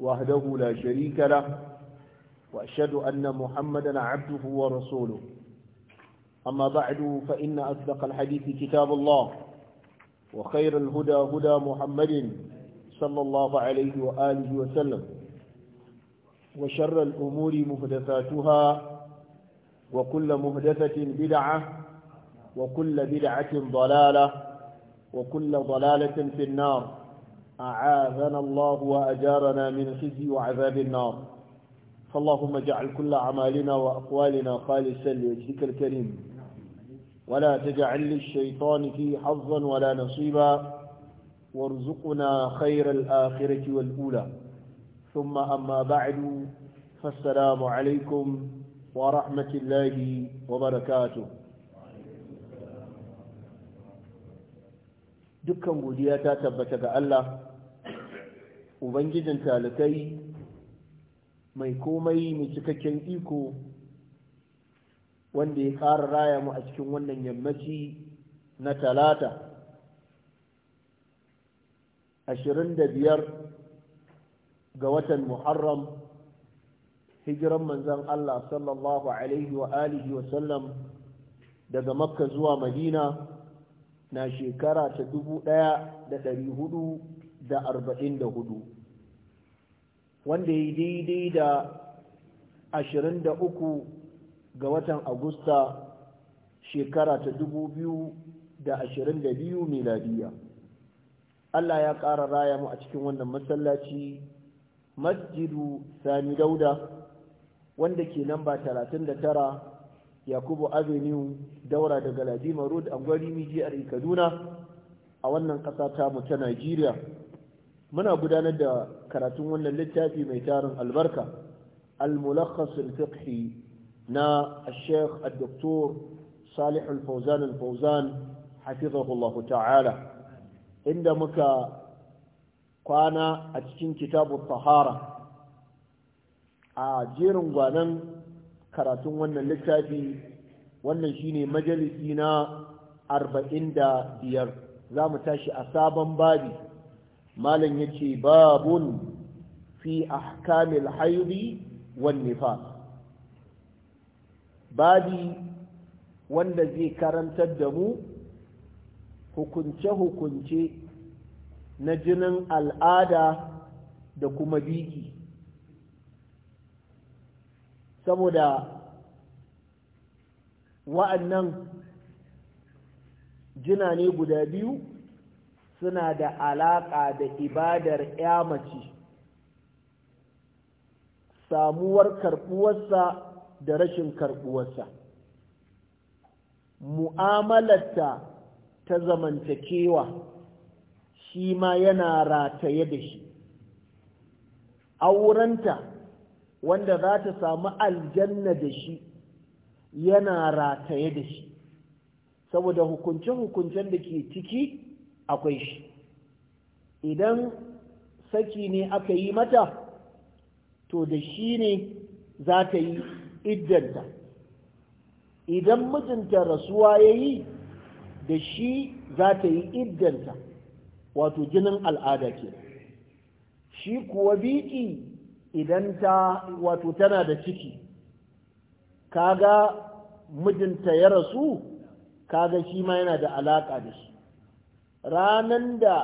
وحده لا شريك له وأشهد أن محمدا عبده ورسوله أما بعد فإن أصدق الحديث كتاب الله وخير الهدى هدى محمد صلى الله عليه وآله وسلم وشر الأمور مهدثاتها وكل مهدثة بدعة وكل بدعة ضلالة وكل ضلالة في النار أعاذنا الله وأجارنا من خزي وعذاب النار فاللهم اجعل كل أعمالنا وأقوالنا خالصا لوجهك الكريم ولا تجعل للشيطان فيه حظا ولا نصيبا وارزقنا خير الآخرة والأولى ثم أما بعد فالسلام عليكم ورحمة الله وبركاته dukkan godiya ta tabbata ga Allah ubangijin talikai mai komai mai cikakken iko wanda ya ƙara raya mu a cikin wannan yammaci na talata ashirin da biyar ga watan muharram hijiran manzan Allah sallallahu alaihi wa alihi wa sallam daga makka zuwa madina na shekara ta dubu ɗaya da ɗari hudu da arba'in da hudu wanda ya daidai da 23 ga watan agusta shekara ta 2022 miladiya Allah ya ƙara raya mu a cikin wannan masallaci masjidu sami dauda wanda ke namba 39 yakubu avenue daura daga ladima road a gwari a kaduna a wannan ƙasa mu ta nigeria. muna gudanar da karatun wannan littafi mai tarin albarka al-mulakhas al-fiqhi na al-sheikh al-doktor salih al-fawzan al-fawzan hafizahullahu ta'ala inda muka kwana a cikin kitabu tahara a jerin gwanan karatun wannan littafi wannan shine majalisi na arba'in da biyar za mu tashi a sabon babi malam yace babun fi ahkamil haidi wan nifas babi wanda zai karantar da mu hukunce-hukunce na jinin al'ada da kuma biki saboda wa'annan jina ne guda biyu suna da alaƙa da ibadar ya mace samuwar karɓuwarsa da rashin karɓuwarsa mu'amalarta ta zamantakewa shi ma yana rataye da shi aurenta wanda za ta samu aljanna da shi yana rataye da shi saboda hukunce-hukuncen da ke ciki akwai shi idan saki ne aka yi mata to da shi ne za ta yi iddanta idan mijinta rasuwa ya yi da shi za ta yi iddanta wato jinin al'ada ke shi kuwa biki idan ta wato tana da ciki kaga mijinta ya rasu kaga shi ma yana da alaƙa da shi ranan da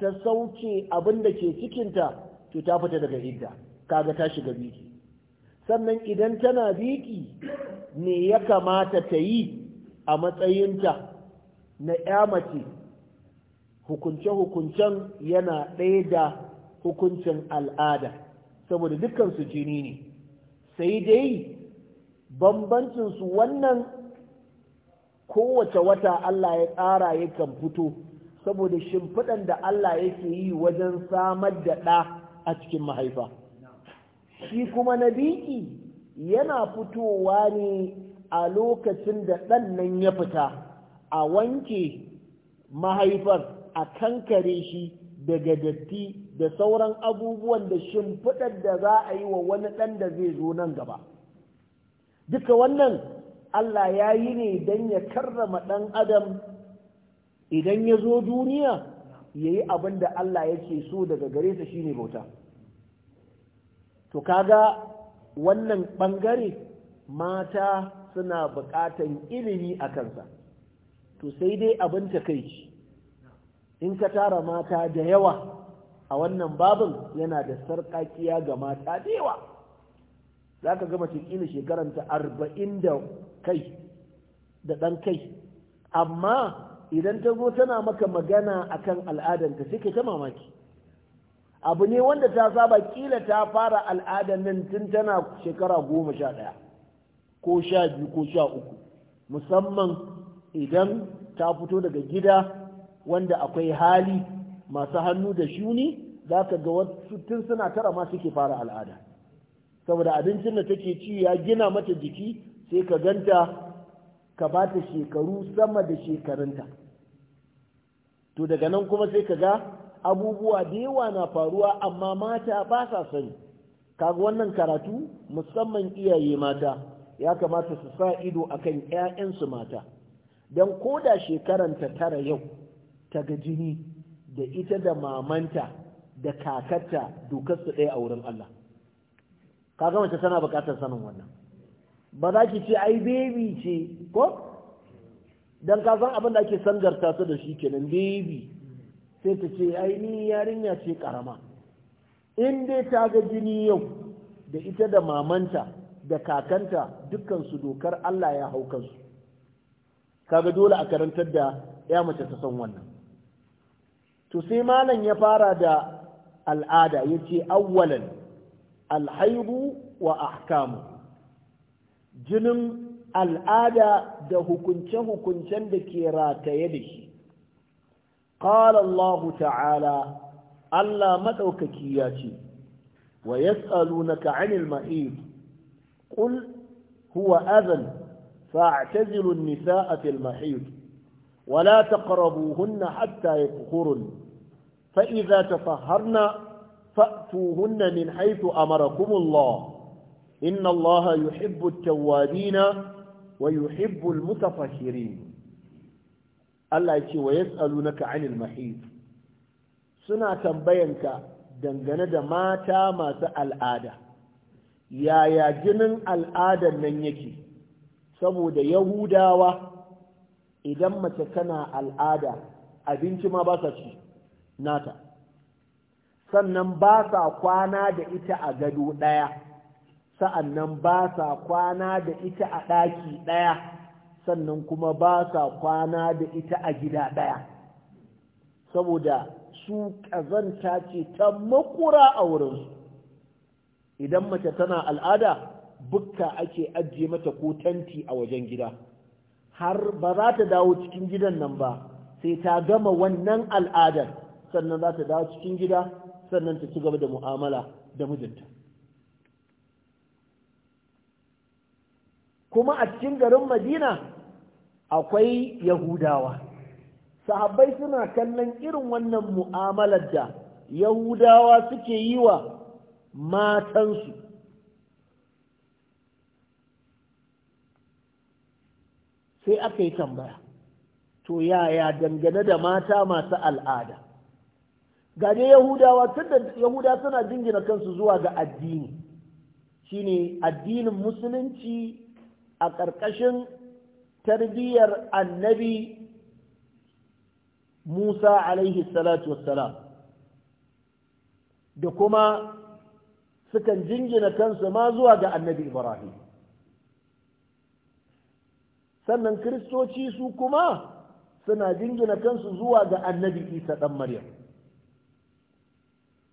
ta sauke abin da ke cikinta to ta fita daga idda kaga ta shiga biki sannan idan tana biki ne ya kamata ta yi a matsayinta na ya mace hukunce-hukuncen yana ɗaya da hukuncin al'ada saboda dukansu jini ne sai dai bambancinsu wannan kowace wata Allah ya tsara yakan fito saboda shimfiɗan da Allah yake yi wajen samar da ɗa a cikin mahaifa shi kuma na biki yana fitowa ne a lokacin da ɗan nan ya fita a wanke mahaifar a kankare shi daga datti da sauran abubuwan da shimfiɗar da za a yi wa wani ɗan da zai zo nan gaba duka wannan Allah ya yi ne don ya karrama ɗan adam idan ya zo duniya ya yi abin da Allah yake so daga gare sa shine bauta to kaga wannan ɓangare mata suna buƙatan ilimi a kansa to sai dai abin takaici in ka tara mata da yawa a wannan babin yana da sarƙaƙiya ga mata da yawa za ka gama cikin shekaranta arba'in da kai da ɗan kai amma idan ta zo tana maka magana akan al'adanta sai ta mamaki abu ne wanda ta saba kila ta fara al'adan nan tun tana shekara goma sha ɗaya ko sha biyu ko sha uku musamman idan ta fito daga gida wanda akwai hali masu hannu da shuni za ka ga wasu tun suna tara ma suke fara al'ada saboda abincin da take ci ya gina mata jiki sai ka ganta ka ba ta shekaru sama da shekarunta to daga nan kuma sai ka ga abubuwa da yawa na faruwa amma mata ba sa sani kaga wannan karatu musamman iyaye mata ya kamata su sa ido akan ƴaƴansu mata don ko da shekaranta tara yau ta ga jini da ita da mamanta da kakarta su ɗaya a wurin Allah kaga mace tana buƙatar sanin wannan ba za ki ce ai baby ce ko dan ka san abin da ake sangarta su da shi kenan baby sai ta ce ai ni yarinya ce karama in dai ta ga jini yau da ita da mamanta da kakanta dukkan su dokar Allah ya hau kansu kaga dole a karantar da ya mace ta san wannan to sai malam ya fara da al'ada yace awwalan alhaibu wa ahkamu jinin al'ada da hukunce-hukuncen da ke rataye da shi. Ƙala Allah ta'ala, Allah maɗaukaki ya ce, wa yas'alunaka 'anil ma'id ƙul huwa azan fa'tazilu an-nisaa fil mahid wa la hunna hatta yatahurun fa faharna tatahharna hunna min a marakumun Allah inna Allah yuhibbu at-tawwabina wa yuhibbul mutafakkirin Allah ya ce wa yas'alunaka 'anil mahid suna tambayanka dangane da mata masu al'ada yaya jinin al'adan nan yake saboda yahudawa idan mace kana al'ada abinci ma ba sa nata sannan ba sa kwana da ita a gado ɗaya sa'annan ba sa kwana da ita a ɗaki ɗaya sannan kuma ba sa kwana da ita a gida ɗaya saboda su ƙazanta ce ta makura a wurinsu idan mace tana al'ada bukka ake ajiye mata ko tanti a wajen gida har ba za ta dawo cikin gidan nan ba sai ta gama wannan al'adar sannan za ta dawo cikin gida sannan ta ci gaba da mu'amala da mijinta kuma a cikin garin madina akwai yahudawa sahabbai suna kallon irin wannan mu'amalar da yahudawa suke yi wa matansu sai aka yi tambaya to yaya dangane da mata masu al'ada gaje yahudawa tunda yahuda suna jingina kansu zuwa ga addini shine addinin musulunci a ƙarƙashin tarbiyyar annabi Musa alaihi salatu wassalam da kuma sukan jingina kansu ma zuwa ga annabi Ibrahim sannan kiristoci su kuma suna jingina kansu zuwa ga annabi Isa ɗan Maryam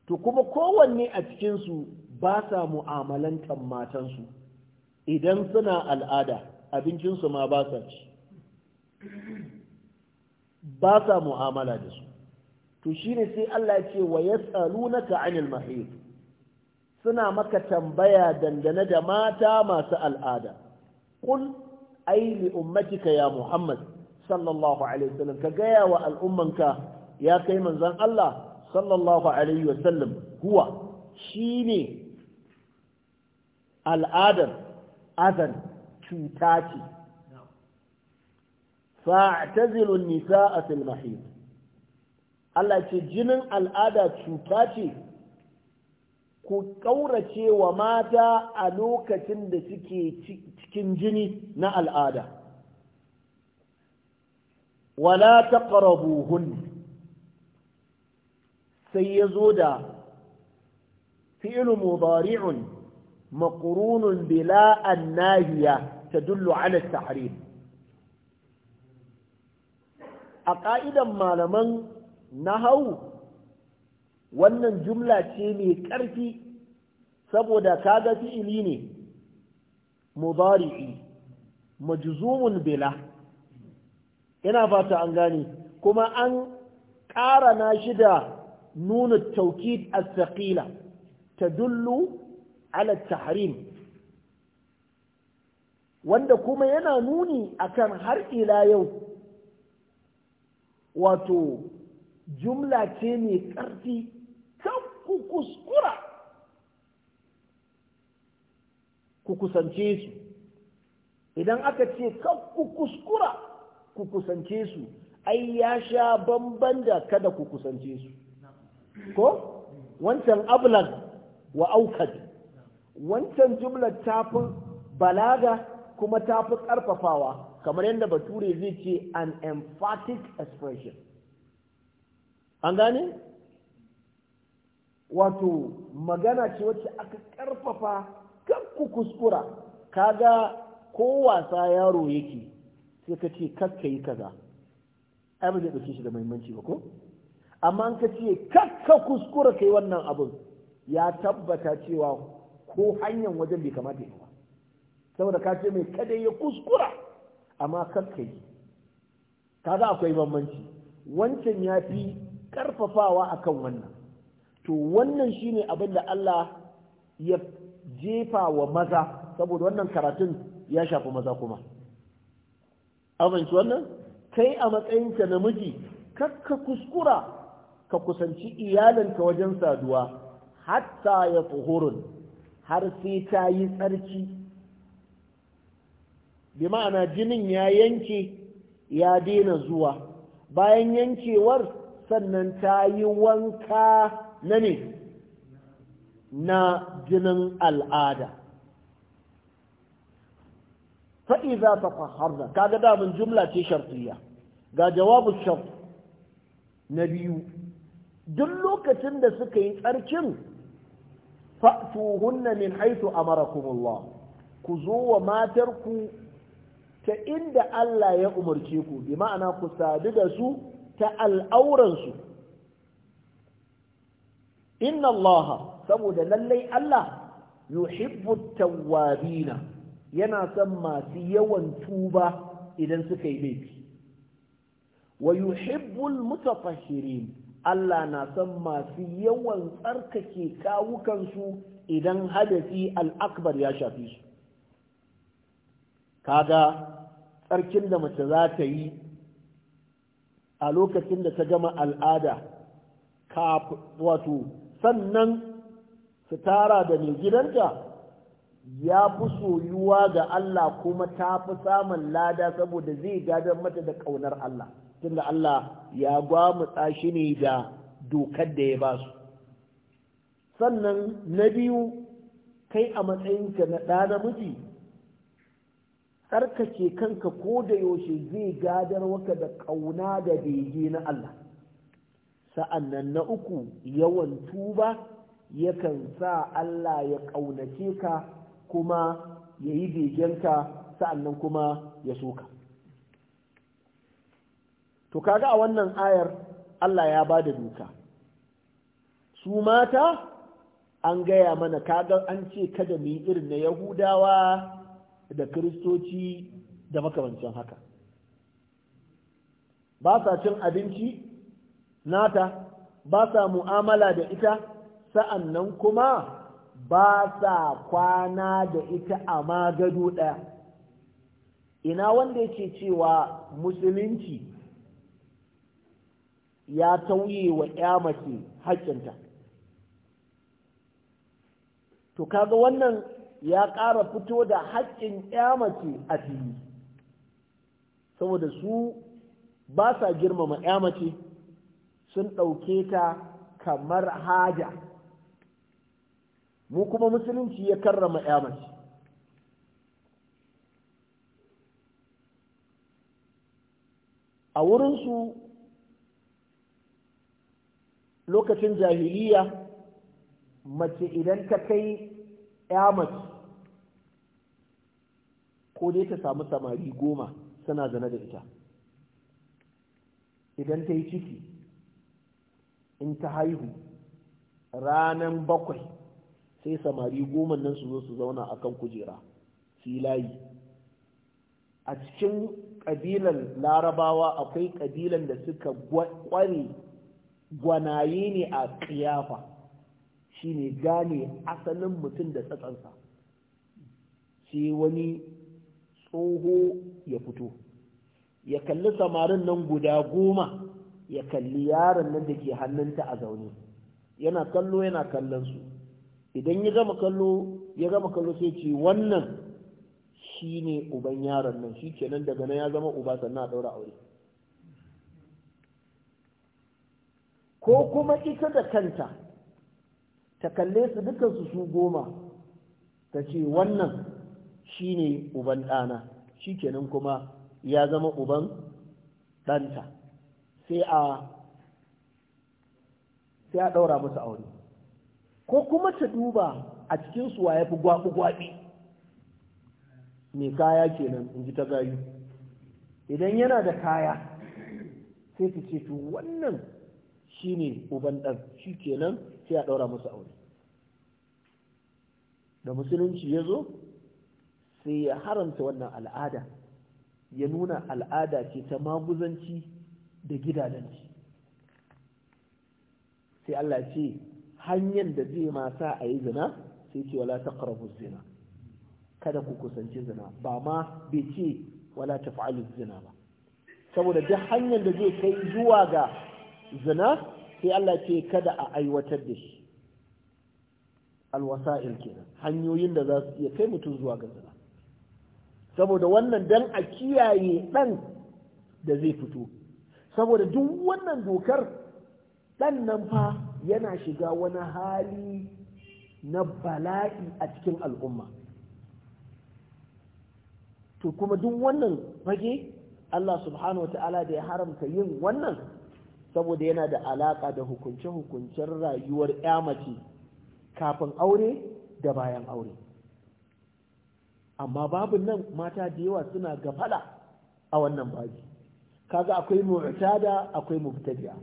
to kuma kowanne a cikinsu ba sa mu'amalantar matansu idan suna al'ada abincinsu ma ba sa ci ba sa mu'amala da su to ne sai Allah ya ce wa ka 'anil mahid suna maka tambaya dangane da mata masu al'ada Kun aili ummatika ya muhammad sallallahu alaihi wasallam ka gaya wa al'ummanka ya kai manzon Allah sallallahu alaihi wasallam huwa shine al'adar azan cuta ce fa'tazilu nisaa fil mahid Allah ce jinin al'ada cuta ce ku kaurace wa mata a lokacin da suke cikin jini na al'ada wala taqrabuhun sai yazo da fi'lu mudari'un maqrunun bila annahiya tadullu ala tahrim a ka'idan malaman hau wannan jumla ce mai ƙarfi saboda kaga fi'ili ne mudari'i majzumun bila ina fata an gane kuma an ƙara na shi da nuna taukid as ta tadullu ala tahrim wanda kuma yana nuni akan har ila yau wato jumla ce mai ƙarfi kan ku kuskura ku kusance su idan aka ce kan ku kuskura ku kusance su ai ya sha bamban da kada ku kusance su ko wancan ablan wa aukad wancan jumlar ta fi balaga kuma ta fi ƙarfafawa kamar yadda bature zai ce an emphatic expression an gane wato magana ce wacce aka ƙarfafa kan ku kuskura kaga ko wasa yaro yake sai ka ce kakka yi kaza ai ba zai ɗauke shi da muhimmanci ba ko amma an ka ce kakka kuskura kai wannan abun ya tabbata cewa ko hanyar wajen bai kamata ya ba saboda ka ce mai kada ya kuskura amma kanka yi za akwai bambanci wancan ya fi karfafawa kan wannan to wannan shine abin da Allah ya jefa wa maza saboda wannan karatun ya shafi maza kuma abinci wannan kai a matsayinka namiji kakka kuskura ka kusanci iyalinka wajen saduwa hatta ya tsohorun har sai ta yi tsarki bi ma'ana jinin ya yanke ya daina zuwa bayan yankewar sannan ta yi wanka na ne na jinin al'ada Faɗi za ta faharna kaga damin jumla ce shartiya ga jawabu shaf na biyu duk lokacin da suka yi tsarkin fa'tuhunna min haythu amarakumullah ku zo wa matarku ta inda Allah ya umarce ku bi ma'ana ku sadu da su ta al'auransu inna Allah saboda lallai Allah yuhibbu tawwabina yana son masu yawan tuba idan suka yi laifi wa yuhibbul mutatahhirin Allah na san masu yawan tsarkake kawukansu idan hadafi al'akbar ya shafi su kaga tsarkin da mace za ta yi a lokacin da ta gama al'ada wato sannan su tara da mai gidanta ya fi soyuwa ga Allah kuma ta fi samun lada saboda zai gadar mata da ƙaunar Allah. tunda Allah ya gwamutsa shi ne da dokar da ya ba su sannan na biyu kai a matsayinka na ɗa namiji tsarkake kanka ko da yaushe zai gadar waka da ƙauna da bege na Allah sa'annan na uku yawan tuba yakan sa Allah ya ƙaunace ka kuma ya yi begenka sa'annan kuma ya soka to kaga a wannan ayar Allah ya ba da duka su mata an gaya mana kaga an ce kada mu yi irin na yahudawa da kiristoci da makamancin haka ba sa cin abinci nata ba sa mu'amala da ita sa'an nan kuma ba sa kwana da ita a magado ɗaya ina wanda yake cewa musulunci ya tauye wa ya mace haƙƙinta to kaga wannan ya ƙara fito da haƙƙin ya mace a fili saboda su ba sa girmama ya mace sun ɗauke ta kamar haja mu kuma musulunci ya karrama ya mace a wurinsu lokacin jahiliya mace idan ta kai ya ko dai ta samu samari goma tana zane da ita idan ta yi ciki in ta haihu ranar bakwai sai samari goma nan su zo su zauna a kan kujera filayi a cikin ƙabilan larabawa akwai ƙabilan da suka ƙware gwanaye ne a ƙiyafa shi ne gane asalin mutum da tsatsansa sai wani tsoho ya fito ya kalli samarin nan guda goma ya kalli yaron nan da ke hannunta a zaune yana kallo yana kallon su idan ya gama kallo ya gama kallo sai ce wannan shi ne uban yaron nan shi kenan daga nan ya zama uba sannan a ɗaura aure ko kuma ita da kanta ta kalle su dukansu su goma ta ce wannan shine uban ɗana shikenan kuma ya zama uban ɗanta sai a sai a ɗaura musu aure ko kuma ta duba a cikinsu wa ya fi gwaɓi-gwaɓi mai kaya kenan in ji ta gayu idan yana da kaya sai ta ce to wannan shine uban ɗan shi kenan sai a ɗaura musu aure da musulunci ya zo sai ya haramta wannan al'ada ya nuna al'ada ce ta maguzanci da gidadanci sai Allah ce hanyar da zai masa a yi zina sai ce wala ta zina kada ku kusanci zina ba ma bai ce wala ta zina ba saboda duk hanyar da zai kai zuwa ga zina sai Allah ce kada a aiwatar da shi alwasa'il kenan hanyoyin da za su iya kai mutum zuwa ga zina saboda wannan dan a kiyaye dan da zai fito saboda duk wannan dokar dan nan fa yana shiga wani hali na bala'i a cikin al'umma to kuma duk wannan fage Allah subhanahu wa ta'ala da ya haramta yin wannan saboda yana da alaƙa da hukunce-hukuncen rayuwar ya mace kafin aure da bayan aure amma babu nan mata da yawa suna gafala a wannan baji kaga akwai mu'tada akwai mubtadi'a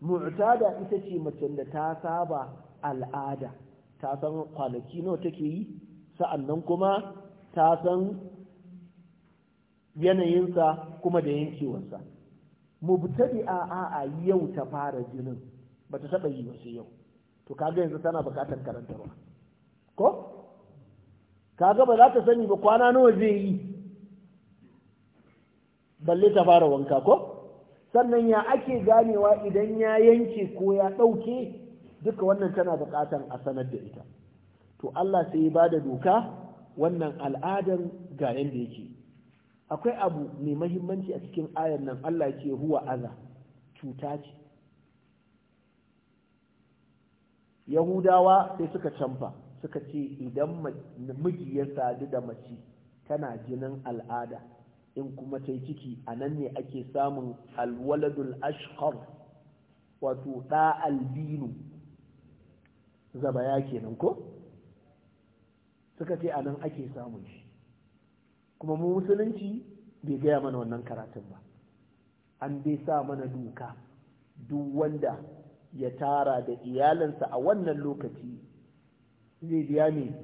mu'tada ita ce mace da ta saba al'ada ta san kwanaki nawa take yi sa'an nan kuma ta san yanayinsa kuma da yankewarsa mubtadi a a yau ta fara jinin ba ta yi ba sai yau to kaga yanzu tana buƙatar karantarwa ko kaga ba za ta sani ba kwana nawa zai yi balle ta fara wanka ko sannan ya ake ganewa idan ya yanke ko ya ɗauke duka wannan tana buƙatar a sanar da ita to Allah sai ya bada doka wannan al'adar ga yanda yake akwai abu mai mahimmanci a cikin ayar nan Allah ce huwa aza cuta ce yahudawa sai suka canfa suka ce idan miji ya sadu da mace tana jinin al'ada in kuma ta yi ciki a nan ne ake samun alwaladul ashkar wato ɗa albinu zaba ya kenan ko suka ce a nan ake samun shi kuma mu musulunci bai gaya mana wannan karatun ba an bai sa mana duka duk wanda ya tara da iyalinsa a wannan lokaci zai biya ne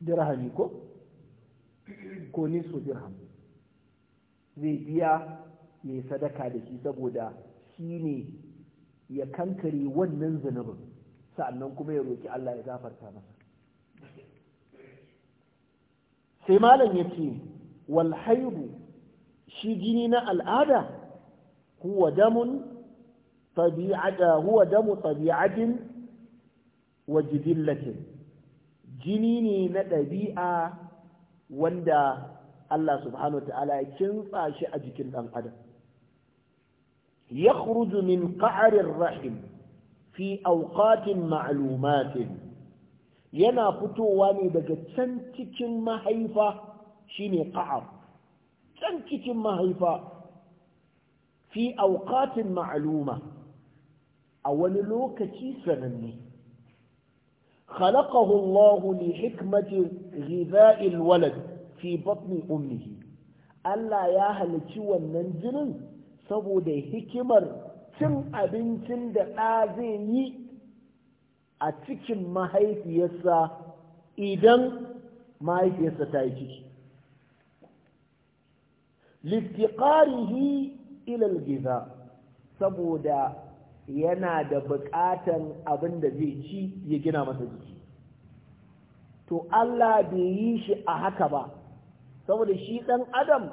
dirhami ko ko nisu dirham zai biya ya yi sadaka da shi saboda shi ne ya kankare wannan zunubin sa'annan kuma ya roki Allah ya gafarta masa sai malam ya ce wal shi jini na al'ada huwa damun huwa damu tabi'atin wa jibillatin jini ne na ɗabi'a wanda Allah subhanahu wa ta'ala ya kintsa shi a jikin ɗan adam yakhruju min qa'rir rahim fi aukatin ma'lumatin yana fitowa ne daga can cikin mahaifa shine qa'ar can cikin mahaifa fi auqatin ma'luma a wani lokaci sananne خلقه الله لحكمة غذاء الولد fi بطن أمه Allah ya هل wannan jinin saboda hikimar cin abincin da ɗa zai yi a cikin mahaifiyarsa idan mahaifiyarsa ta yi ciki littiƙarihi ilal giza saboda yana da buƙatan abin da zai ci ya gina masa jiki to Allah bai yi shi a haka ba saboda shi ɗan adam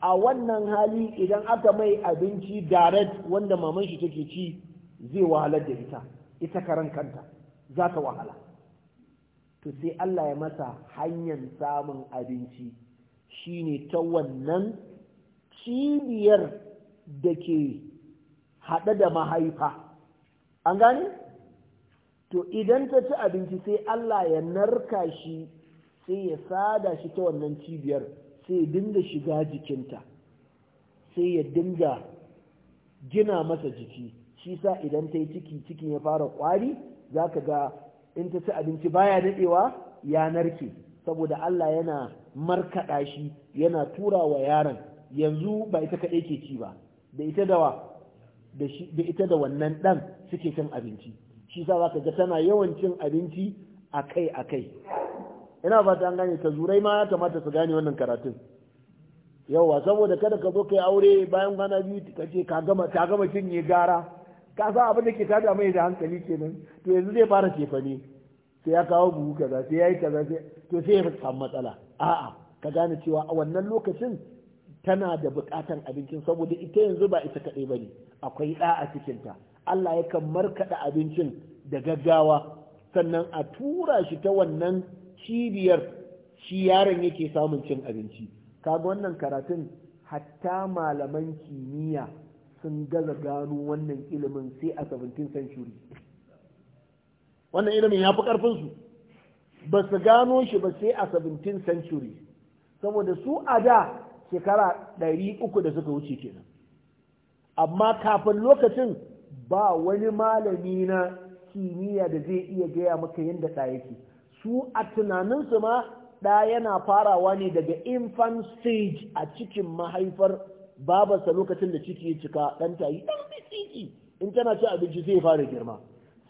a wannan hali idan aka mai abinci direct wanda maman shi take ci zai wahalar da ita ita karan kanta za ka wahala to sai Allah ya masa hanyar samun abinci shine ta wannan cibiyar da ke haɗe da mahaifa an gane? to idan ta ci abinci sai Allah ya narka shi sai ya sada shi ta wannan cibiyar sai ya dinga shiga jikinta sai ya dinga gina masa jiki shi sa idan ta yi ciki cikin ya fara ƙwari za ka ga in ta ci abinci baya daɗewa ya narke saboda Allah yana markaɗa shi yana tura wa yaron yanzu ba ita kaɗai ke ci ba da ita wa, da ita da wannan ɗan suke cin abinci shi sa za ka ga tana yawan cin abinci a kai-a kai. ina fatan an gane ta zurai ma ya kamata su gane wannan karatun yawa saboda kada ka zo kai aure bayan kwana biyu ka ce ka gama ta gama cinye gara ka san abin da ke tada mai da hankali kenan to yanzu zai fara cefane sai ya kawo buhu kaza sai ya yi kaza to sai ya samu matsala a'a ka gane cewa a wannan lokacin tana da bukatan abincin saboda ita yanzu ba ita kaɗai ba ne akwai ɗa a cikinta Allah ya yakan markaɗa abincin da gaggawa sannan a tura shi ta wannan cibiyar shi yaron yake samun cin abinci kaga wannan karatun hatta malaman kimiyya sun gaza gano wannan ilimin sai a 17 century wannan ilimin ya fi ƙarfinsu ba su gano shi ba sai a 17th century saboda su a da shekara 300 da suka wuce kenan amma kafin lokacin ba wani malami na kimiyya da zai iya gaya maka yadda ta yake su a tunaninsu ma ɗaya yana farawa ne daga infant stage a cikin mahaifar babansa lokacin da ciki ya cika ɗan tayi ɗan bitsiki in tana ci abinci zai fara girma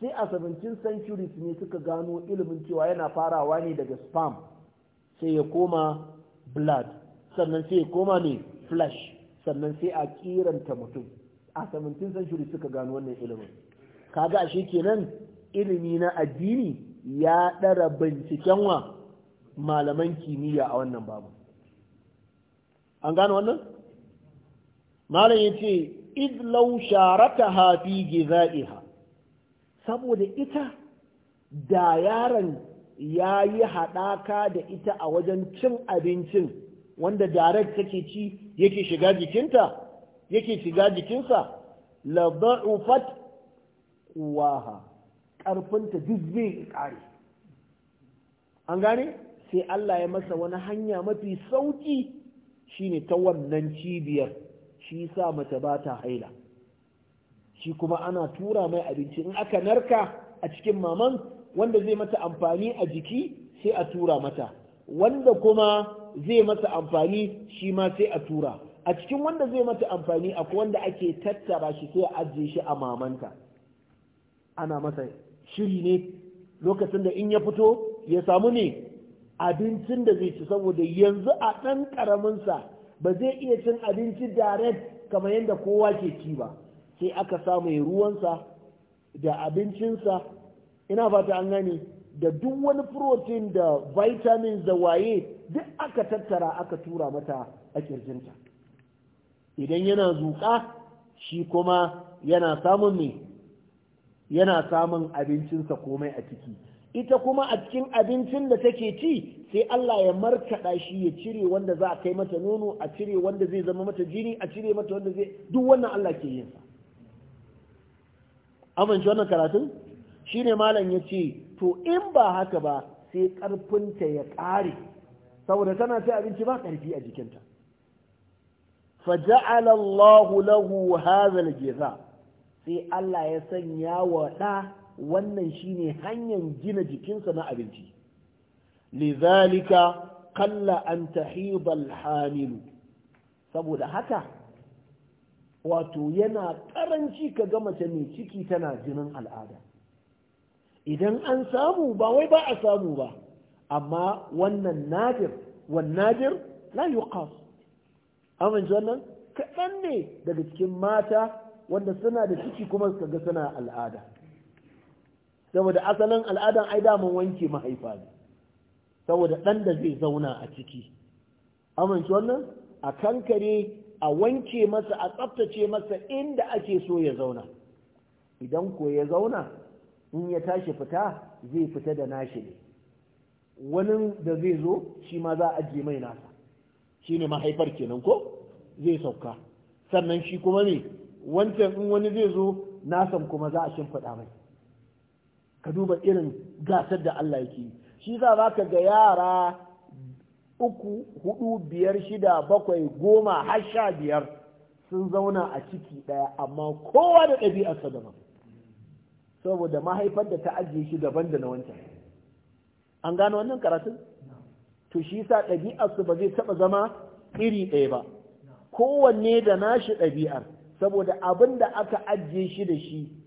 sai a 17 centuries ne suka gano ilimin cewa yana farawa ne daga spam sai ya koma blood sannan sai ya koma ne flesh sannan sai a kiranta mutum a 17 centuries suka gano wannan ilimin kaga ashe kenan ilimi na addini ya ɗara binciken wa malaman kimiyya a wannan babu an gano wannan malam ya yace id law sharakaha fi gizaiha saboda ita da yaron ya yi haɗaka da ita a wajen cin abincin wanda direct take ci yake shiga jikinta yake shiga jikinsa la waha. quwaha duk zai kare an gane sai Allah ya masa wani hanya mafi sauki shine ta wannan cibiyar shi sa mace ba ta haila shi kuma ana tura mai abinci in aka narka a cikin maman wanda zai mata amfani a jiki sai a tura mata wanda kuma zai mata amfani shi ma sai a tura a cikin wanda zai mata amfani akwai wanda ake tattara shi sai a ajiye shi a mamanta ana masa shiri ne lokacin da in ya fito ya samu ne abincin da zai ci saboda yanzu a ɗan ƙaramin sa. ba zai iya cin abinci direct kamar yadda kowa ke ci ba sai aka samu ruwansa da abincinsa ina fata an gani, da duk wani protein da vitamins da waye duk aka tattara aka tura mata a kirjinta idan yana zuƙa shi kuma yana samun ne yana samun abincinsa komai a ciki ita kuma a cikin abincin da take ci sai Allah ya markaɗa shi ya cire wanda za a kai mata nono a cire wanda zai zama mata jini a cire mata wanda zai duk wannan Allah ke yin sa amince wannan karatun shine malam ya ce to in ba haka ba sai karfinta ya ƙare saboda tana sai abinci ba karfi a jikinta Allahu lahu hadha al الجزاء sai Allah ya sanya wa ɗa wannan shine hanyar gina jikinsa na abinci lizalika kalla an tahibal hamilu saboda haka wato yana karanci ka ga mace mai ciki tana jinin al'ada idan an samu ba wai ba a samu ba amma wannan nadir wan nadir la yuqas amince wannan kaɗan ne daga cikin mata wanda suna da ciki kuma kaga suna al'ada saboda asalin al'adan ai mun wanke mahaifa ne saboda ɗan da zai zauna a ciki amince wannan a kankare a wanke masa a tsaftace masa inda ake so ya zauna idan ko ya zauna in ya tashi fita zai fita da nashi ne wani da zai zo shi ma za a ajiye mai nasa shi ne mahaifar kenan ko zai sauka sannan shi kuma ne wancan in wani zai zo nasan kuma za a shimfiɗa mai ka duba irin gasar da Allah yake shi za za ka ga yara uku hudu biyar shida bakwai goma har sha biyar sun zauna a ciki ɗaya amma kowa da ɗabi'arsa daban saboda mahaifar da ta ajiye shi daban da na wancan an gano wannan karatun to shi sa ɗabi'arsu ba zai taɓa zama iri ɗaya ba kowanne da nashi ɗabi'ar saboda abin da aka ajiye shi da shi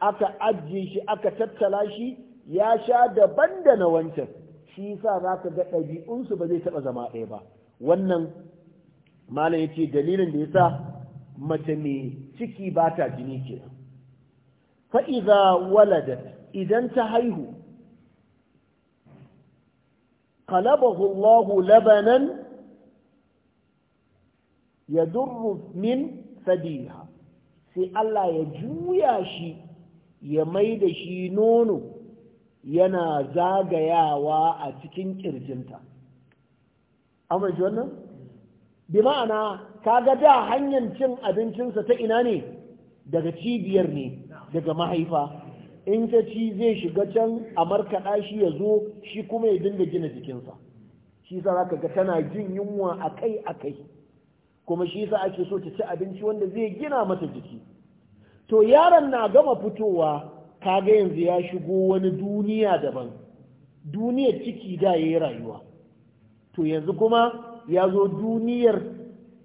aka ajiye shi aka tattala shi ya sha daban da na wancan shi sa za ka ga ɗabi'unsu ba zai taɓa zama ɗaya ba wannan malam ya ce dalilin da ya sa mace mai ciki ba ta jini ke fa'iza walada idan ta haihu قلبه Labanan ya يدر min sadiha sai Allah ya juya shi ya mai da shi nono yana zagayawa a cikin ƙirjinta amma shi wannan bi ma'ana kaga da hanyar cin abincinsa ta ina ne daga cibiyar ne daga mahaifa in ta ci zai shiga can a markaɗa shi ya zo shi kuma ya dinga gina jikinsa shi sa zaka ga tana jin yunwa akai akai kuma shi sa ake so ta ci abinci wanda zai gina mata jiki to yaron na gama fitowa kaga yanzu ya shigo wani duniya daban duniyar ciki da ya yi rayuwa to yanzu kuma ya zo duniyar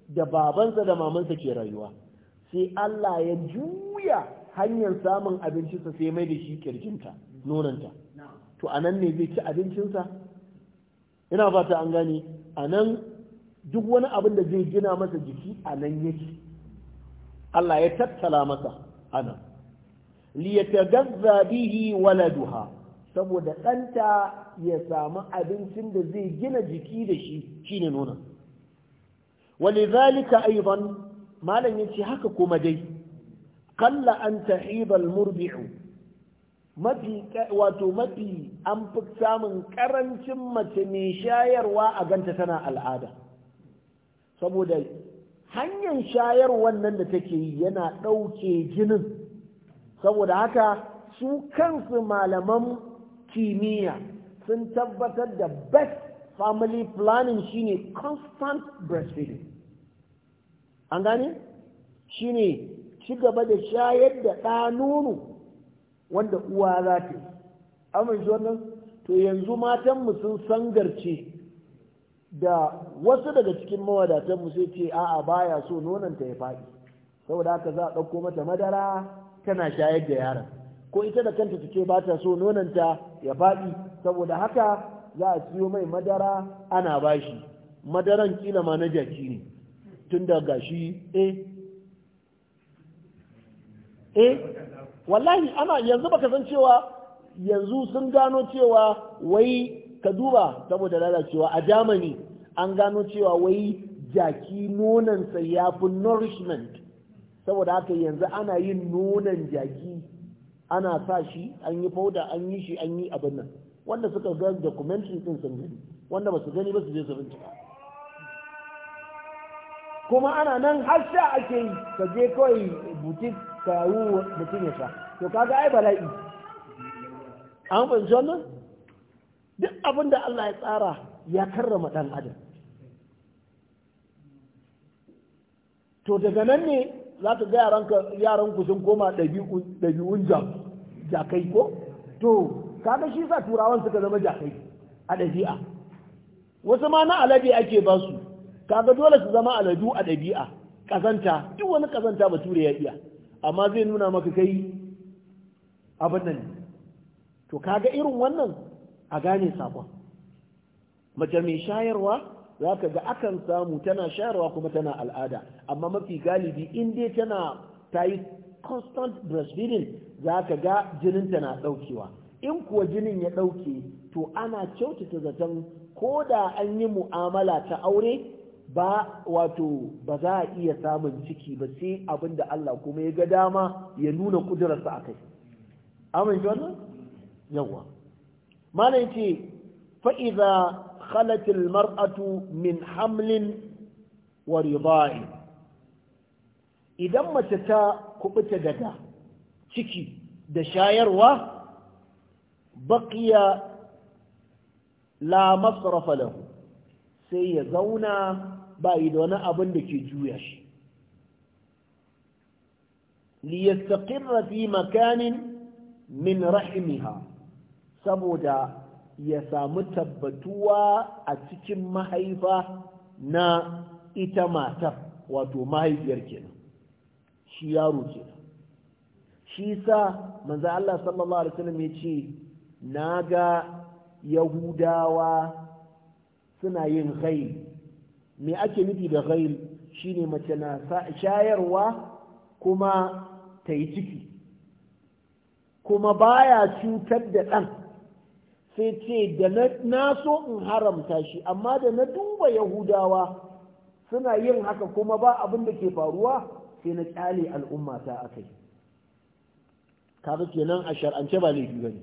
da babansa da mamansa ke rayuwa sai Allah ya juya hanyar samun abincinsa sai mai da shi kirjinta nonanta to a nan ne zai ci abincinsa ina fata an gani. a nan duk wani abin da zai gina masa jiki a nan yake Allah ya tattala masa anan liyatagazza bihi waladuha saboda ɗanta ya samu abincin da zai gina jiki da shi shine nonon ولذلك أيضا ما haka kuma dai. قل an تعيب المربع mafi wato mafi an fi samun karancin mace mai shayarwa a ganta tana al'ada saboda hanyar shayar wannan da take yi yana ɗauke jinin saboda haka su kansu malaman kimiyya sun tabbatar da best family planning shine constant breastfeeding an gane shine ci gaba da shayar da ɗa nono wanda uwa za ta yi amince wannan to yanzu matanmu sun sangarce da wasu daga cikin mawadatanmu sai ce a'a baya so nonanta ya faɗi saboda haka za a ɗauko mata madara tana shayar da yaron ko ita da kanta take ba ta so nonanta ya faɗi saboda haka za a siyo mai madara ana bashi madaran kila ma na jaki ne tun da gashi eh eh wallahi ana yanzu baka san cewa yanzu sun gano cewa wai ka duba saboda lalacewa a jamani an gano cewa wai jaki nonansa ya fi nourishment saboda haka yanzu ana yin nonan jaki ana sa shi an yi fauda an yi shi an yi abin nan wanda suka ga documentary din sun gani wanda ba su gani ba su je su bincika kuma ana nan har sha ake yi ka je kawai butik ka mutum ya sa to kaga ai bala'i an fahimci wannan duk abin da Allah ya tsara ya karrama ɗan adam to daga nan ne za ka ga yaran sun koma ɗabi'un jakai ko to kaga shi sa turawan suka zama jakai a ɗabi'a wasu ma na alade ake ba su kaga dole su zama aladu a ɗabi'a ƙazanta duk wani ƙazanta ba ture ya iya amma zai nuna maka kai abin nan to kaga irin wannan a gane sakon mace mai shayarwa za ka ga akan samu tana shayarwa kuma tana al'ada amma mafi galibi in dai tana ta yi constant breastfeeding za ka ga jinin tana ɗaukewa in kuwa jinin ya ɗauke to ana kyautata zaton ko da an yi mu'amala ta aure ba wato ba za a iya samun ciki ba sai abin da Allah kuma ya ga dama ya nuna kudurarsa a kai. Amin, Jonna? malam ce fa'iza khalatil mar'atu min hamlin wa rida'i idan mace ta kubuta daga ciki da shayarwa baƙiya la masrafa lahu sai ya zauna ba yi da wani abin da ke juya shi liyastaqirra fi makanin min rahimiha saboda ya samu tabbatuwa a cikin mahaifa na ita matar wato mahaifiyar kenan shi yaro ce. shi sa manzo Allah sallallahu alaihi wasallam yace naga yahudawa suna yin ghail me ake nufi da ghail shine mace na shayarwa kuma ta yi ciki kuma baya cutar da ɗan sai ce da na so in haramta shi amma da na duba yahudawa suna yin haka kuma ba abin da ke faruwa sai na kyale al'umma ta akai kaga kenan a shar'ance ba laifi ne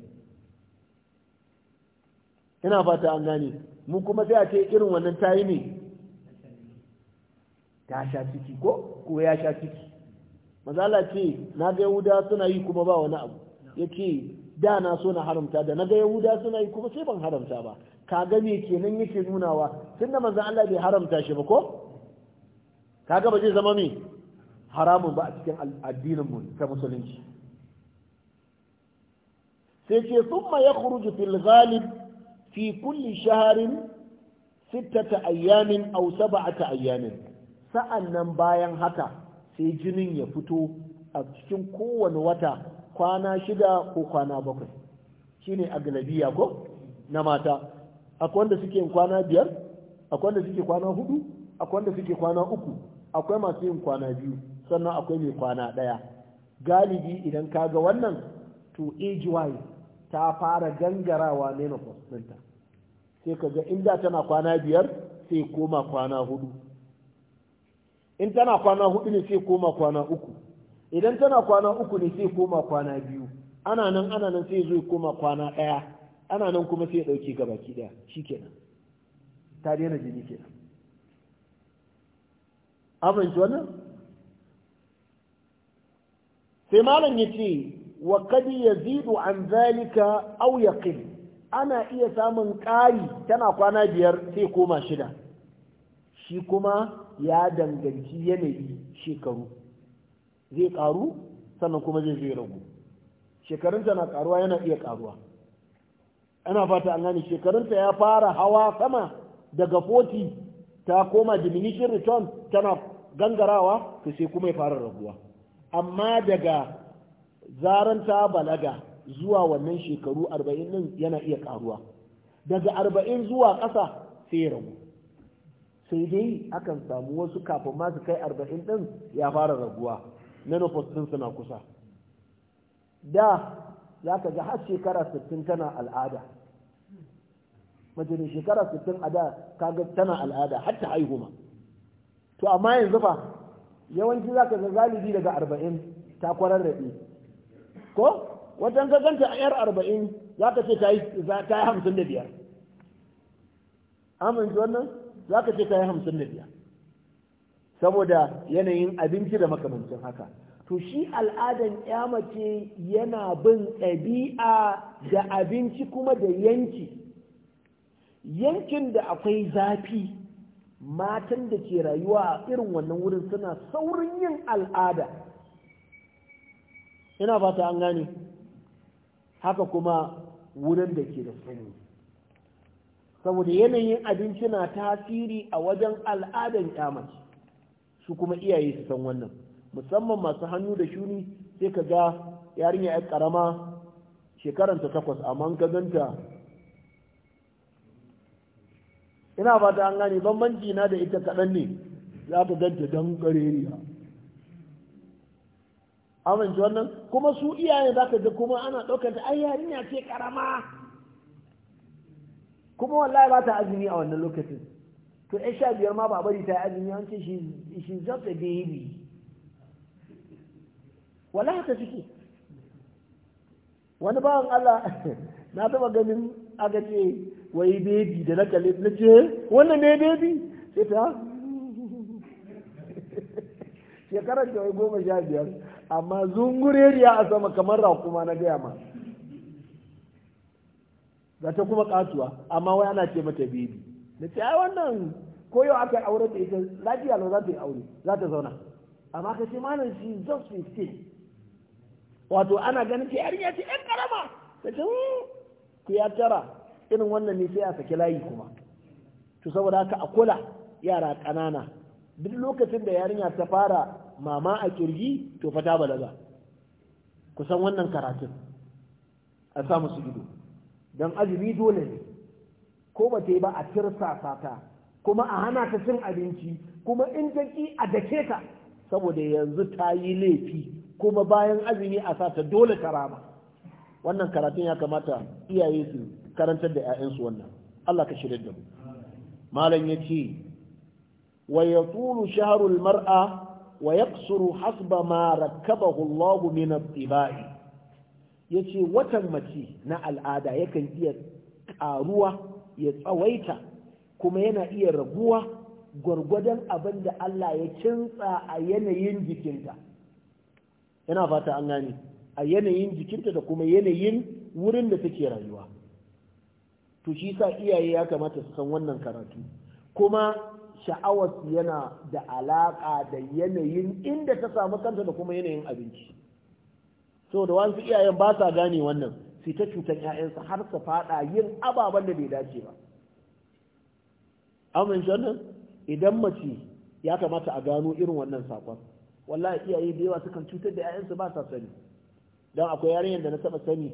ina fata an gane mu kuma sai a ce irin wannan tayi ne ta sha ciki ko ko ya sha ciki mazala ce na ga yahudawa suna yi kuma ba wani abu ya ce da na so na haramta da na naga yahuda suna yi kuma sai ban haramta ba kaga me kenan yake nunawa tunda manzo Allah bai haramta shi ba ko kaga ba zai zama me haramun ba a cikin addinin mu ta musulunci sai ce thumma yakhruju fil ghalib fi kulli shahrin sittata ayyamin aw sab'ata ayyamin sa'annan bayan haka sai jinin ya fito a cikin kowane wata kwana shida ko kwana bakwai shine galabiya ko na mata akwai wanda suke yin kwana biyar akwai wanda suke kwana hudu akwai wanda suke kwana uku akwai masu yin kwana biyu sannan akwai mai kwana daya galibi idan ka ga wannan to age wise ta fara gangarawa menopause ɗinta sai ka ga in tana kwana biyar sai koma kwana hudu in tana kwana hudu ne sai koma kwana uku idan tana kwana uku ne sai koma kwana biyu ana nan ana nan sai zo koma kwana ɗaya ana nan kuma sai ya ɗauke gabaki ɗaya Shi kenan, ta daina jini kenan abinci wannan sai malam ya ce wa kadi ya zidu an zalika au yaqin ana iya samun ƙari tana kwana biyar sai koma shida shi kuma ya danganci yanayi shekaru zai karu sannan kuma zai zai ragu shekarunta na karuwa yana iya karuwa ana fata an gane shekarunta ya fara hawa sama daga 40 ta koma diminishing return tana gangarawa to sai kuma ya fara raguwa amma daga zaran ta balaga zuwa wannan shekaru 40 din yana iya karuwa daga 40 zuwa ƙasa sai ya ragu sai dai akan samu wasu kafin ma kai arba'in ɗin ya fara raguwa menopause din suna kusa da za ka ga har shekara 60 tana al'ada mace ne shekara 60 a da kaga tana al'ada har ta haihu ma to amma yanzu fa yawanci za ka ga galibi daga 40 ta kwarar kwararrabe ko wajen gaganta a yar 40 za ka ce ta yi 55 amince wannan za ka ce ta yi 55 saboda yanayin abinci da makamancin haka to shi al'adan ya mace yana bin ɗabi'a da abinci kuma da yanki yankin da akwai zafi matan da ke rayuwa a irin wannan wurin suna saurin yin al'ada ina fata an gane haka kuma wurin da ke da sani saboda yanayin abinci na tasiri a wajen al'adan ya mace su kuma iyaye su san wannan musamman masu hannu da shuni sai ka ga yarinya ya karama shekaranta takwas amma ka ganta ina ba ta an gane bambanci na da ita kaɗan ne za ta ganta don ƙareriya amince wannan kuma su iyaye za ka ga kuma ana ɗaukar da ai ce karama kuma wallahi ba ta azumi a wannan lokacin to yan sha biyar ma ba bari ta yi azumi an ce shi just a baby wala haka suke wani bawan Allah na taba ganin aka ce wai baby da na kalle na ce wannan ne baby sai ta shekarar da wai goma sha biyar amma riya a sama kamar kuma na gaya ma za ta kuma katuwa amma wai ana ce mata baby da ta ai wannan koyo aka aure da ita lafiya lo za ta yi aure za ta zauna amma ka ce malam shi just ce wato ana ganin ce yarinya ce yan karama ta ce hmm, ku ya tara irin wannan ne sai a saki layi kuma to saboda haka a kula yara ƙanana duk lokacin da yarinya ta fara mama a kirgi to fata ta balaga kusan wannan karatun a sa musu ido don azumi dole ne ko ba ta yi ba a tirsasa ta kuma a hana ta cin abinci kuma in ta a dake ta saboda yanzu ta yi laifi kuma bayan azumi a sata dole ta rama wannan karatun ya kamata iyaye su karantar da 'ya'yansu wannan Allah ka shirya da mu malam ya ce wa ya tulu mar'a wa ya hasba ma rakkabahu Allah min at-tibai yace watan mace na al'ada yakan iya karuwa ya tsawaita kuma yana iya raguwa gwargwadon abin da Allah ya kintsa a yanayin jikinta yana fata an gani. a yanayin jikinta da kuma yanayin wurin da take rayuwa to shi sa iyaye ya kamata su san wannan karatu kuma sha'awar yana da alaƙa da yanayin inda ta samu kanta da kuma yanayin abinci so da wasu iyayen ba sa gane wannan fita cutan 'ya'yansa har su fada yin ababen da bai dace ba amin shanin idan mace ya kamata a gano irin wannan sakon wallahi iyaye da yawa sukan cutar da 'ya'yansu ba sa sani dan akwai yarinyar da na taba sani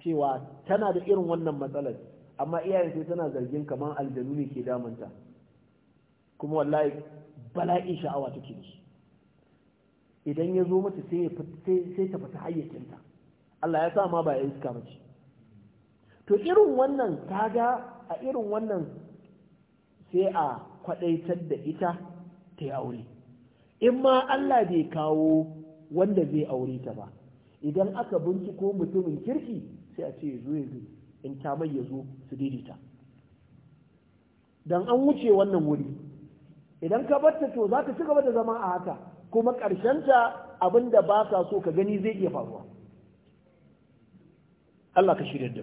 cewa tana da irin wannan matsalar amma iyayen sai tana zargin kamar aljanu ne ke damunta kuma wallahi bala'in sha'awa take da shi idan ya zo mata sai ta fita hayyacinta Allah ya sa ma ba ya iska ba ce to irin wannan kaga a irin wannan sai a kwadaitar da ita ta yi aure in ma Allah bai kawo wanda zai aure ta ba idan aka binciko mutumin kirki sai a ce ya zo ya zo in ta mai ya zo su daidaita Don an wuce wannan wuri idan ka batta to za ka ci gaba da zama a haka kuma ƙarshenta abin da ba ka so ka gani zai iya faruwa Allah ka shirya da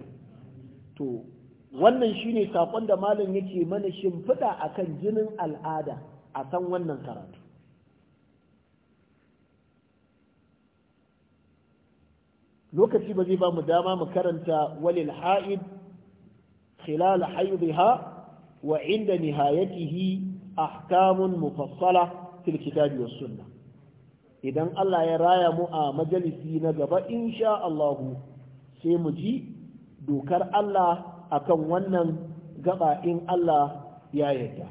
to wannan shine sakon da malam yake mana shimfiɗa akan jinin al'ada a san wannan karatu lokaci ba zai ba mu dama mu karanta walil ha'id khilal haidha wa inda nihayatihi ahkamun mufassala fil kitabi was sunnah idan Allah ya raya mu a majalisi na gaba insha Allahu sai mu ji dokar Allah akan wannan gaba in Allah ya yarda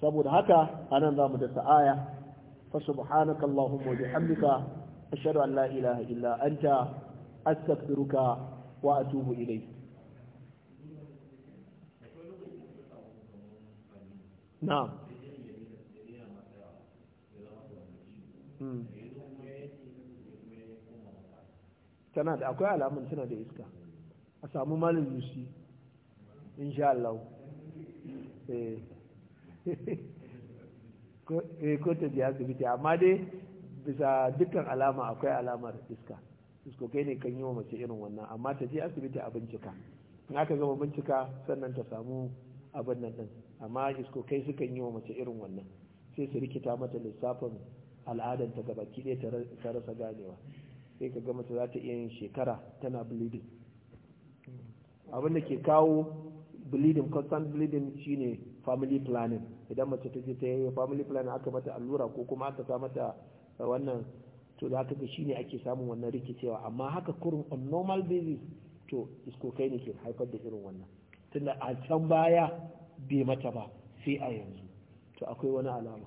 saboda haka anan zamu da sa'aya fa subhanaka allahumma wa bihamdika ashhadu an la ilaha illa anta astaghfiruka wa atubu ilayk na'am hmm. tana da akwai alamun tana da iska a samu malin yusi sha Allah eh. eh, ko ta je asibiti amma dai bisa dukkan alama akwai alamar iska isko kai ne kan yi wa mace irin wannan amma ta je asibiti a bincika in aka gama bincika sannan ta samu abin nan din amma isko kai sukan yi wa mace irin wannan sai su rikita mata lissafin al'adar ta gabaki ɗaya ta rasa ganewa sai ka gama za ta iya yin shekara tana bleeding abin da ke kawo bleeding constant bleeding shine family planning idan mace ta je ta yi family planning aka mata allura ko kuma aka sa mata wannan to za ka ga shine ake samun wannan rikicewa amma haka kurin on normal basis to isko kai ne ke haifar da irin wannan tunda a can baya bai mata ba sai a yanzu to akwai wani alama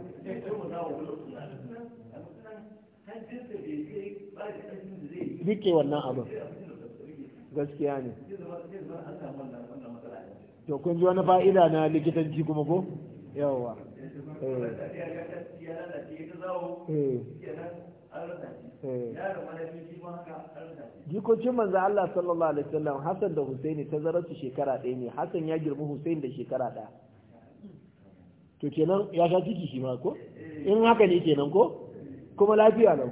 rike wannan abin gaskiya ne to kun ji wani fa'ida na likitanci kuma ko yawwa eh. eh. eh. jikocin manzo Allah sallallahu alaihi wasallam Hassan da Husaini tazarar su shekara ɗaya ne Hassan ya girma Husaini da shekara ɗaya to kenan ya sha ciki shi ma ko in haka ne kenan ko kuma lafiya lau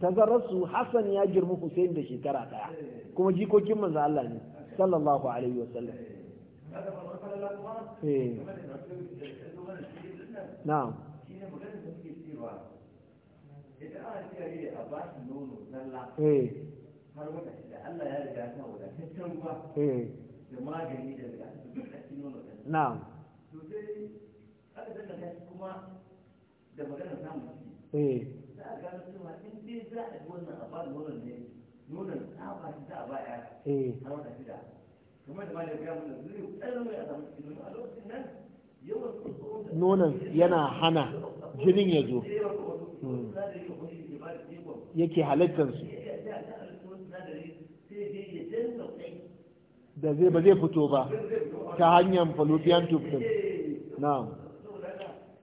tazararsu hassan ya girma hussein da shekara daya kuma jikokin manzo Allah ne sallallahu alaihi wasallam sallam. Eh. na'am eh. Eh. aka eh. eh. nonon yana hana jinin ya zo hmm. yake halittar su da zai ba zai fito ba ta hanyar fallopian tube eh. na'am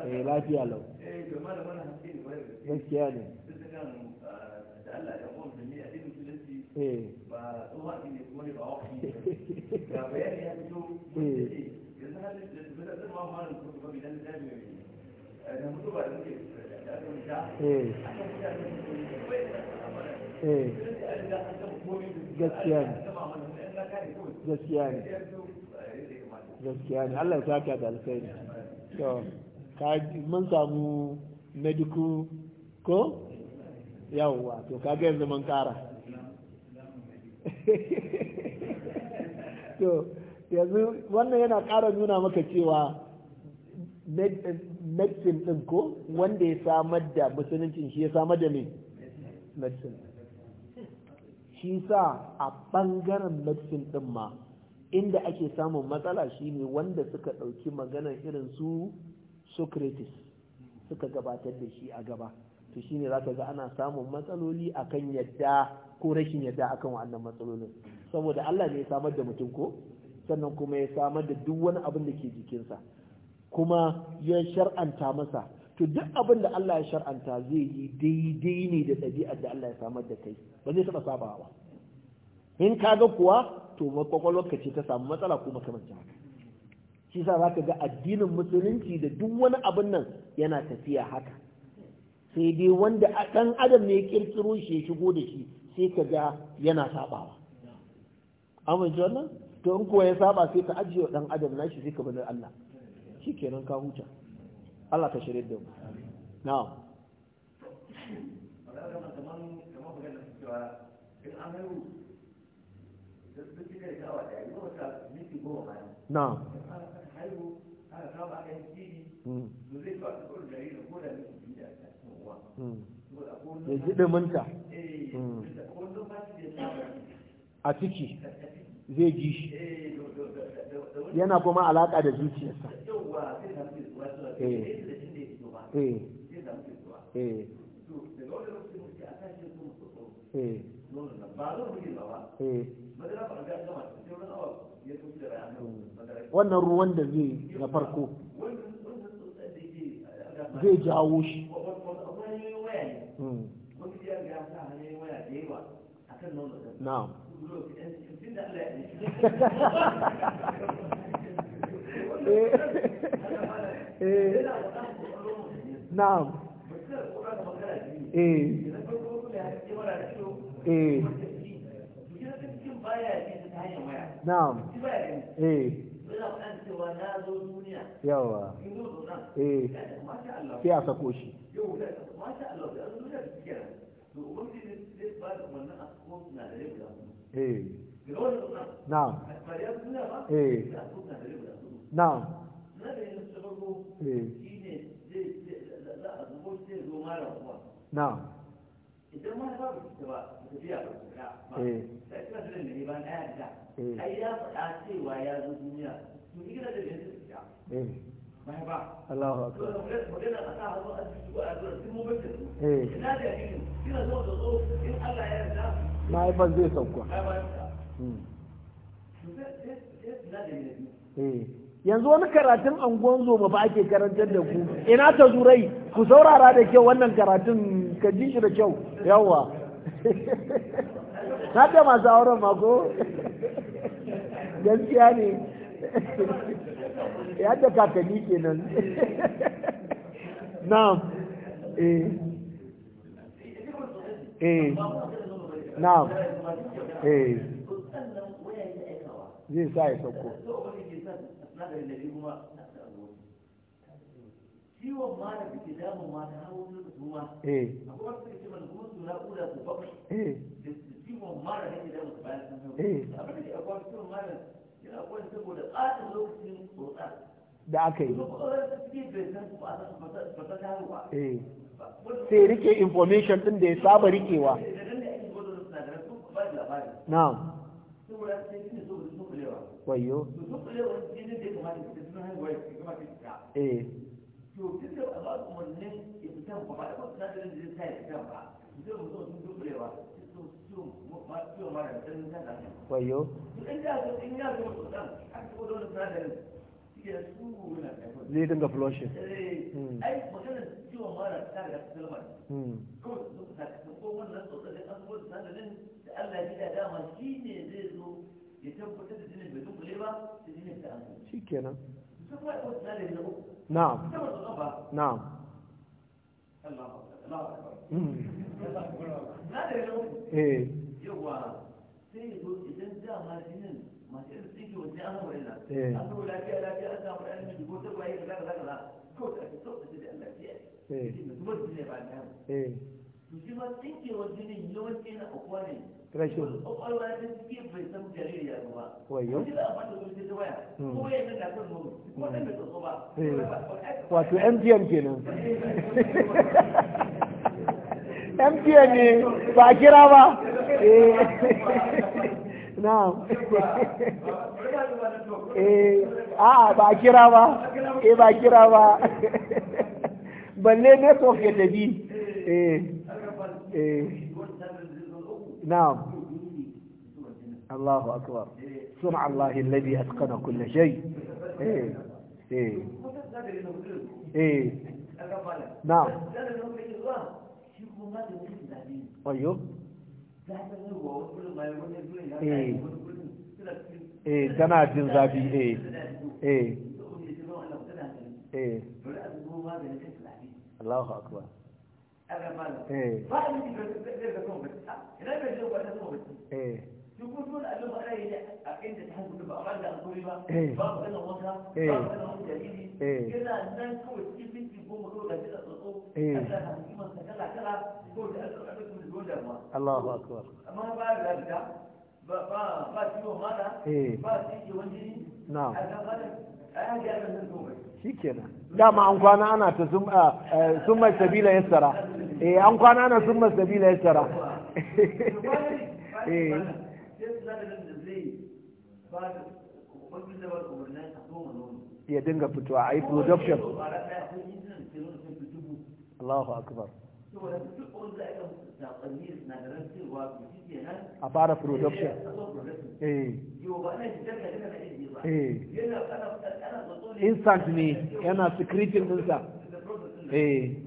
eh lafiya lau eh, gaskiya ne eh. ba tsohon ne kuma ne ba ga bayani ya fito eh. yanzu da su da da mutu ba da da a da da bai da gaskiya ne gaskiya ne gaskiya ne Allah ya saka da alkhairi to mun samu medical ko yawwa to kaga yanzu mun kara to yanzu wannan yana kara nuna maka cewa medicine din ko wanda ya samar da musuluncin shi ya samar da me medicine shi sa a bangaren medicine din ma inda ake samun matsala shine wanda suka ɗauki maganar irin su socrates suka gabatar da shi a gaba to shine za ka ga ana samun matsaloli akan yadda ko rashin yadda akan wannan matsalolin saboda Allah ne ya samar da mutum ko sannan kuma ya samar da duk wani abin da ke jikinsa kuma ya shar'anta masa to duk abin da Allah ya shar'anta zai yi daidai ne da ɗabi'ar da Allah ya samar da kai ba zai taɓa sabawa ba in ga kuwa to makwakwalwarka ce ta samu matsala ko makamancin haka shi sa zaka ga addinin musulunci da duk wani abin nan yana tafiya haka sai dai wanda ɗan adam ne ya kirkiro shi ya shigo da shi sai ka ga yana sabawa amince wannan to in kuwa ya saba sai ka ajiye ɗan adam nashi sai ka bada Allah shi kenan ka huta Allah ka shirye da mu na'am na'am kama zai ba su da da ya ji a ciki zai ji shi yana kuma alaƙa da zuciyarsa ba wannan ruwan da zai na farko zai jawo shi hmm. na'am eh. Eh. na'am eh eh tashin waya na'am eh yawa eh sai a sako eh na'am eh na'am eh. na'am idan wani babu ita ba tafiya ba ta ba da da ne ba na yarda yi ya faɗa cewa ya zo duniya yi gina da yanzu da bai ba Allahu akbar magana a sa hazo a cikin wa azura sun mu bace eh ina da yin kina zo da zo in Allah ya yarda mahaifan zai sauka sai sai sai da yin eh yanzu wani karatun anguwan zoma ba ake karantar da ku ina ta zurai ku saurara da kyau wannan karatun ka ji shi da kyau yawa na da masu auren mako gaskiya ne ya kakanni kenan na eh eh na eh zai sa ya sauko nagari da biyu kuma na da ciwon ma da damun ma ta da kuma eh akwai mana kuma su na da ku da ciwon ma da kake damun ka bayan sun hawo eh. abin da ke akwai ciwon ma da yana saboda lokacin tsotsa da aka yi sai rike information din da ya saba rikewa na'am طيب ايه طيب zai dinga flushing ai maganar ciwon mara ta da ta zama kawai su ka ko wannan tsotsar da an gudu sanadin da Allah ya da dama shi ne zai zo ya tabbatar da jinin bai dunkule ba da jinin ta an shi kenan na'am na'am hmm. eh yawa sai ya zo idan dama jinin masu irin tsinki wajen an samu illa eh. an samu lafiya lafiya an samu ilimin jigo ta bayi da zaka zaka za kawai ta fito eh. da jini Allah ya yi da zubar jini ba da yawa to shi ma tsinkewar jinin yawanci na akuwa ne rashin wayo hmm. wato kenan ne ba a kira ba eh. na'am eh. a'a ba a kira ba eh ba a kira ba eh eh na'am Allahu akbar sun'a Allah alladhi atqana kull shay eh eh eh na'am wayo eh tana jin zafi eh eh eh Allahu akbar الله أكبر ما بعد ذلك فاتيوه ماذا فاتيوه وانجيني نعم شكرا دام عن كان أنا تسمى سمى سبيل يسرى eh an kwana na sun masabila ya tara eh ya dinga fitowa a yi production Allahu akbar a fara production eh instant ne yana secretin dinsa eh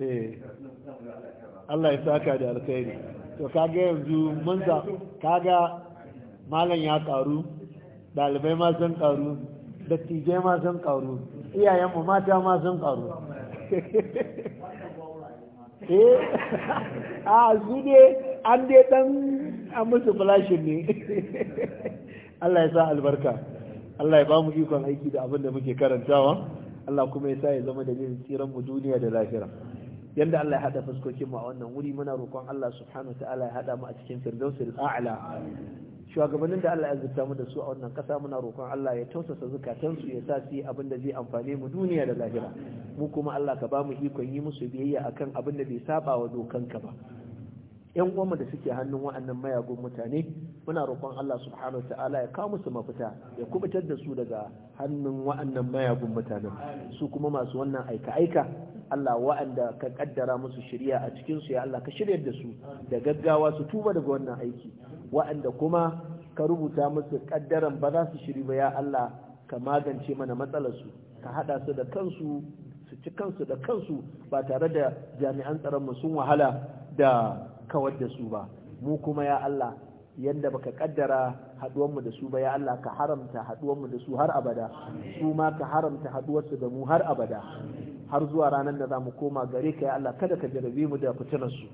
Eh. Allah ya saka da alkhairi to kaga yanzu mun za kaga malam ya karu dalibai ma sun karu dattijai ma sun karu iyayenmu mata ma sun karu eh a su an dai dan an musu flashin ne Allah ya sa albarka Allah ya ba mu ikon aiki da abin da muke karantawa Allah kuma ya sa ya zama dalilin tsiran mu duniya da lahira yanda Allah ya hada fuskokin mu a wannan wuri muna roƙon Allah subhanahu ta'ala ya hada mu a cikin firdausul a'la shugabannin da Allah ya zubta mu da su a wannan ƙasa muna roƙon Allah ya tausasa zukatan su ya sa su yi abin da zai amfane mu duniya da lahira mu kuma Allah ka ba mu ikon yi musu biyayya akan abin da bai saba wa dokanka ba yan uwanmu da suke hannun wa'annan mayagun mutane muna roƙon Allah subhanahu wa ta'ala ya kawo musu mafita ya kubutar da su daga hannun wa'annan mayagun mutane su kuma masu wannan aika-aika Allah wa'anda ka kaddara musu shirya a cikin su ya Allah ka shiryar da su da gaggawa su tuba daga wannan aiki wa'anda kuma ka rubuta musu kaddaran ba za su shiri ba ya Allah ka magance mana matsalar su ka hada su da kansu su ci kansu da kansu ba tare da jami'an tsaron mu sun wahala da kawar da su ba mu kuma ya Allah yadda baka kaddara haduwanmu da su ba ya Allah ka haramta haduwanmu da su har abada su ma ka haramta haduwarsu da mu har abada har zuwa ranar da za mu koma gare ka ya Allah kada ka jarabe mu da su.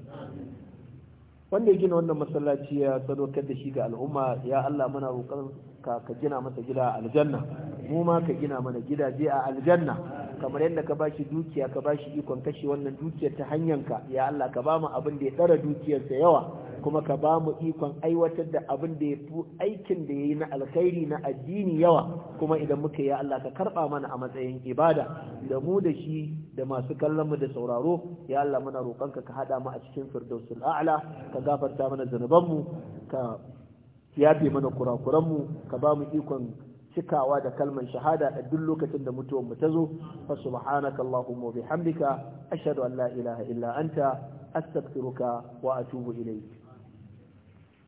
wanda ya gina wannan masallaci ya sadaukar da shi ga al'umma ya Allah muna roƙon ka ka gina masa gida a aljanna mu ma ka gina mana gidaje a aljanna kamar yadda ka bashi dukiya ka bashi ikon kashe wannan dukiyar ta hanyanka ya Allah ka ba mu abin da ya tsara dukiyarsa yawa kuma ka ba mu ikon aiwatar da abin da ya fi aikin da ya yi na alkhairi na addini yawa kuma idan muka ya Allah ka karɓa mana a matsayin ibada da mu da shi da masu kallon mu da sauraro ya Allah muna roƙonka ka haɗa mu a cikin firdausul a'la ka gafarta mana mu ka yafe mana kurakuran mu ka ba mu ikon cikawa da kalman shahada a duk lokacin da mutuwar mu ta zo fa subhanaka allahumma wa bihamdika ashhadu an la ilaha illa anta astaghfiruka wa atubu ilayk